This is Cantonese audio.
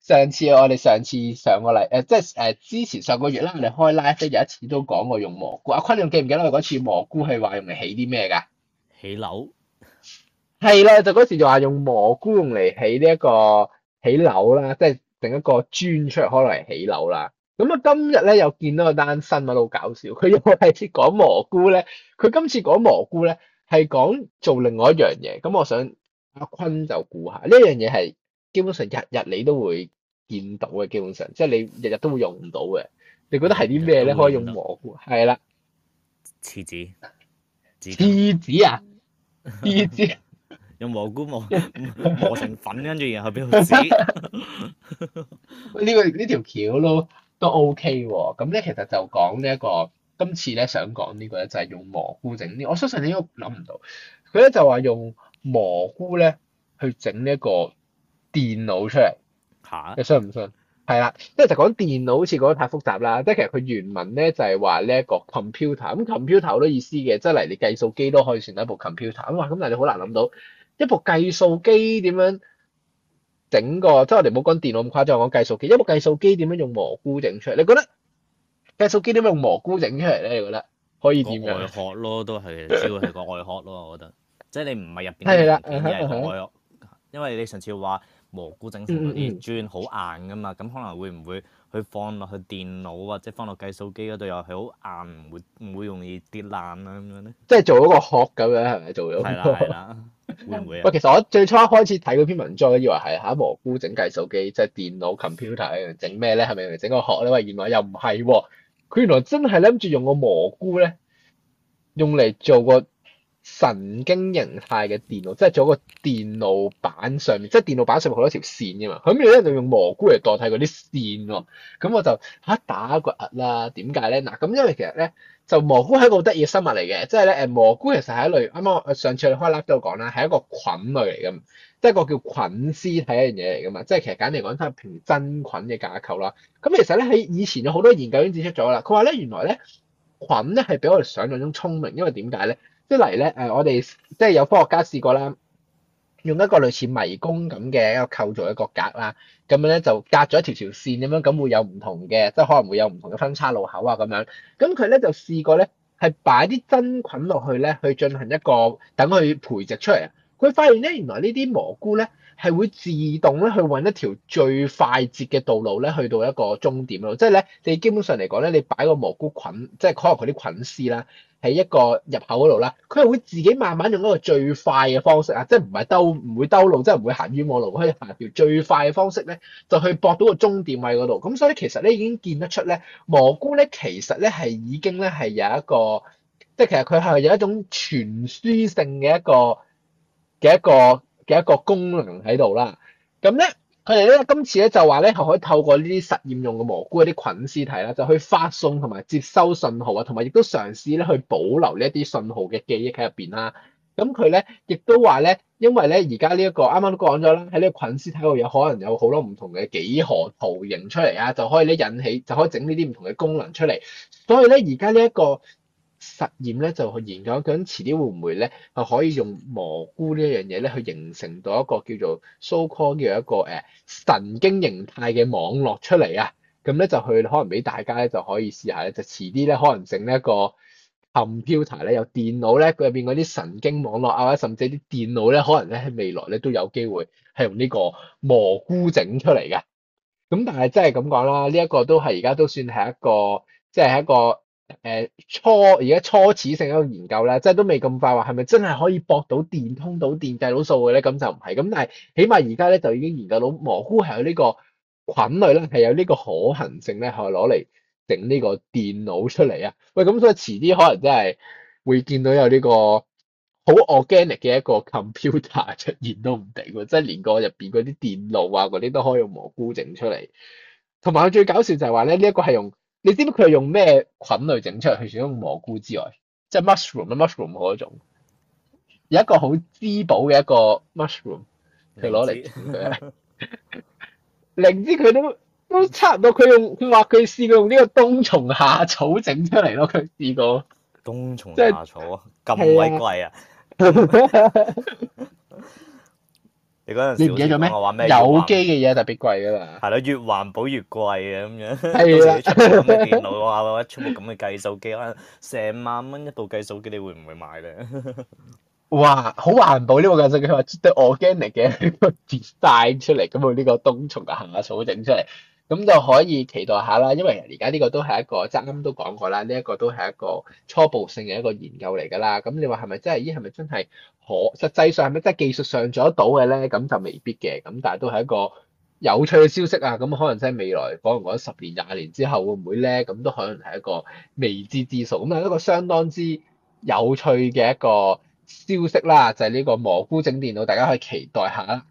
上次我哋上次上個禮誒、呃，即係誒、呃，之前上個月啦，我哋、嗯、開 live 有一次都講過用蘑菇。阿、啊、坤，你仲記唔記得我哋嗰次蘑菇係話用嚟起啲咩噶？起樓樓係啦，就嗰時就話用蘑菇用嚟起呢、這、一個起樓啦，即係整一個磚出嚟，可能係起樓啦。咁、嗯、啊，今日咧又見到個單新聞好搞笑，佢又係講蘑菇咧，佢今次講蘑菇咧。係講做另外一樣嘢，咁我想阿坤就估下呢樣嘢係基本上日日你都會見到嘅，基本上即係你日日都會用唔到嘅。你覺得係啲咩咧？可以用蘑菇？係啦，廁紙，廁紙啊，廁紙 用蘑菇磨磨成粉，跟住然後俾佢死。呢個呢條橋咯都，都 OK 喎、啊。咁咧其實就講呢、這、一個。今次咧想講呢、呢個咧就係、係、用蘑菇整呢，我相信你應該諗唔到。佢咧就話用蘑菇咧去整呢一個電腦出嚟嚇，你信唔信？係啦，即係就講電腦好似講得太複雜啦。即係其實佢原文咧就係話呢一個 computer，咁 computer 都意思嘅，即係嚟你計數機都可以算得一部 computer。咁哇，咁但係你好難諗到一部計數機點樣整個？即係我哋唔好講電腦咁誇張，講計數機。一部計數機點樣用蘑菇整出嚟？你覺得？計數機點樣？用蘑菇整出嚟咧？你覺得可以點？外殼咯，都係主要係個外殼咯。 我覺得即係你唔係入邊。係啦，外殼， 因為你上次話蘑菇整成嗰啲磚好硬㗎嘛，咁、嗯嗯、可能會唔會佢放落去電腦或者放落計數機嗰度又係好硬，唔會唔會容易跌爛啊咁樣咧？即係做咗個殼咁樣係咪？做咗係啦，係啦， 會唔會啊？喂，其實我最初一開始睇嗰篇文章咧，以為係吓蘑菇整計數機，即係電腦 computer 整咩咧？係咪整個殼咧？喂，原來又唔係喎！佢原來真係諗住用個蘑菇咧，用嚟做個。神經形態嘅電腦，即係做一個電腦板上面，即係電腦板上面好多條線嘅嘛。咁你面咧就用蘑菇嚟代替嗰啲線咯。咁我就嚇、啊、打個額啦。點解咧？嗱，咁因為其實咧，就蘑菇係一個好得意嘅生物嚟嘅。即係咧，誒蘑菇其實係一類，啱啱上次我開 Lab 都有講啦，係一個菌類嚟嘅，即係一個叫菌絲體一樣嘢嚟嘅嘛。即係其實簡單嚟講，真係條真菌嘅架構啦。咁其實咧喺以前有好多研究已經指出咗啦。佢話咧，原來咧菌咧係比我哋想像中聰明，因為點解咧？即嚟咧，誒，我哋即係有科學家試過啦，用一個類似迷宮咁嘅一個構造一個格啦，咁樣咧就隔咗一條條線咁樣，咁會有唔同嘅，即係可能會有唔同嘅分岔路口啊咁樣，咁佢咧就試過咧係擺啲真菌落去咧，去進行一個等佢培植出嚟。佢發現咧，原來呢啲蘑菇咧係會自動咧去揾一條最快捷嘅道路咧，去到一個終點咯。即係咧，你基本上嚟講咧，你擺個蘑菇菌，即係可能佢啲菌絲啦，喺一個入口嗰度啦，佢係會自己慢慢用一個最快嘅方式啊！即係唔係兜，唔會兜路，即係唔會行冤枉路，可以行條最快嘅方式咧，就去駁到個終點位嗰度。咁所以其實咧已經見得出咧，蘑菇咧其實咧係已經咧係有一個，即係其實佢係有一種傳輸性嘅一個。嘅一個嘅一個功能喺度啦，咁咧佢哋咧今次咧就話咧係可以透過呢啲實驗用嘅蘑菇一啲菌屍體啦，就去發送同埋接收信號啊，同埋亦都嘗試咧去保留呢一啲信號嘅記憶喺入邊啦。咁佢咧亦都話咧，因為咧而家呢一、這個呢一個啱啱都講咗啦，喺呢個菌屍體度有可能有好多唔同嘅幾何圖形出嚟啊，就可以咧引起，就可以整呢啲唔同嘅功能出嚟。所以咧而家呢一個，實驗咧就去研究緊，遲啲會唔會咧係可以用蘑菇呢一樣嘢咧，去形成到一個叫做 so call 嘅一個誒、呃、神經形態嘅網絡出嚟啊？咁咧就去可能俾大家咧就可以試下咧，就遲啲咧可能整一個 computer 咧，有電腦咧佢入邊嗰啲神經網絡啊，或者甚至啲電腦咧可能咧喺未來咧都有機會係用呢個蘑菇整出嚟嘅。咁、嗯、但係真係咁講啦，呢、這、一個都係而家都算係一個，即係一個。誒，初而家初始性一個研究咧，即係都未咁快話係咪真係可以駁到電，通到電，計到數嘅咧？咁就唔係，咁但係起碼而家咧就已經研究到蘑菇係有呢個菌類咧，係有呢個可行性咧，係攞嚟整呢個電腦出嚟啊！喂，咁所以遲啲可能真係會見到有呢個好 organic 嘅一個 computer 出現都唔定，即係連個入邊嗰啲電腦啊，嗰啲都可以用蘑菇整出嚟。同埋佢最搞笑就係話咧，呢一個係用。你知唔知佢係用咩菌類整出嚟？佢除咗蘑菇之外，即係 mushroom 嘅 mushroom 嗰種，有一個好滋補嘅一個 mushroom，佢攞嚟。明知佢 都都差唔多。佢用佢話佢試過用呢個冬蟲夏草整出嚟咯，佢試過冬蟲夏草啊，咁鬼、就是、貴啊！ 你嗰陣時，你唔記得咗咩？我話咩？有機嘅嘢特別貴噶啦，係啦，越環保越貴嘅咁 是的 樣電腦。係啦，老 哇，一全部咁嘅計數機，可能成萬蚊一部計數機，你會唔會買咧？哇，好環保呢、這個計數機，係 organic 嘅 design 出嚟，咁佢呢個冬蟲夏草整出嚟。咁就可以期待下啦，因為而家呢個都係一個，即係啱啱都講過啦，呢、這、一個都係一個初步性嘅一個研究嚟㗎啦。咁你話係咪真係？咦，係咪真係可？實際上係咪真係技術上做得到嘅咧？咁就未必嘅。咁但係都係一個有趣嘅消息啊！咁可能真係未來可能講十年、廿年之後會唔會咧？咁都可能係一個未知之數。咁係一個相當之有趣嘅一個消息啦，就係、是、呢個蘑菇整電腦，大家可以期待下。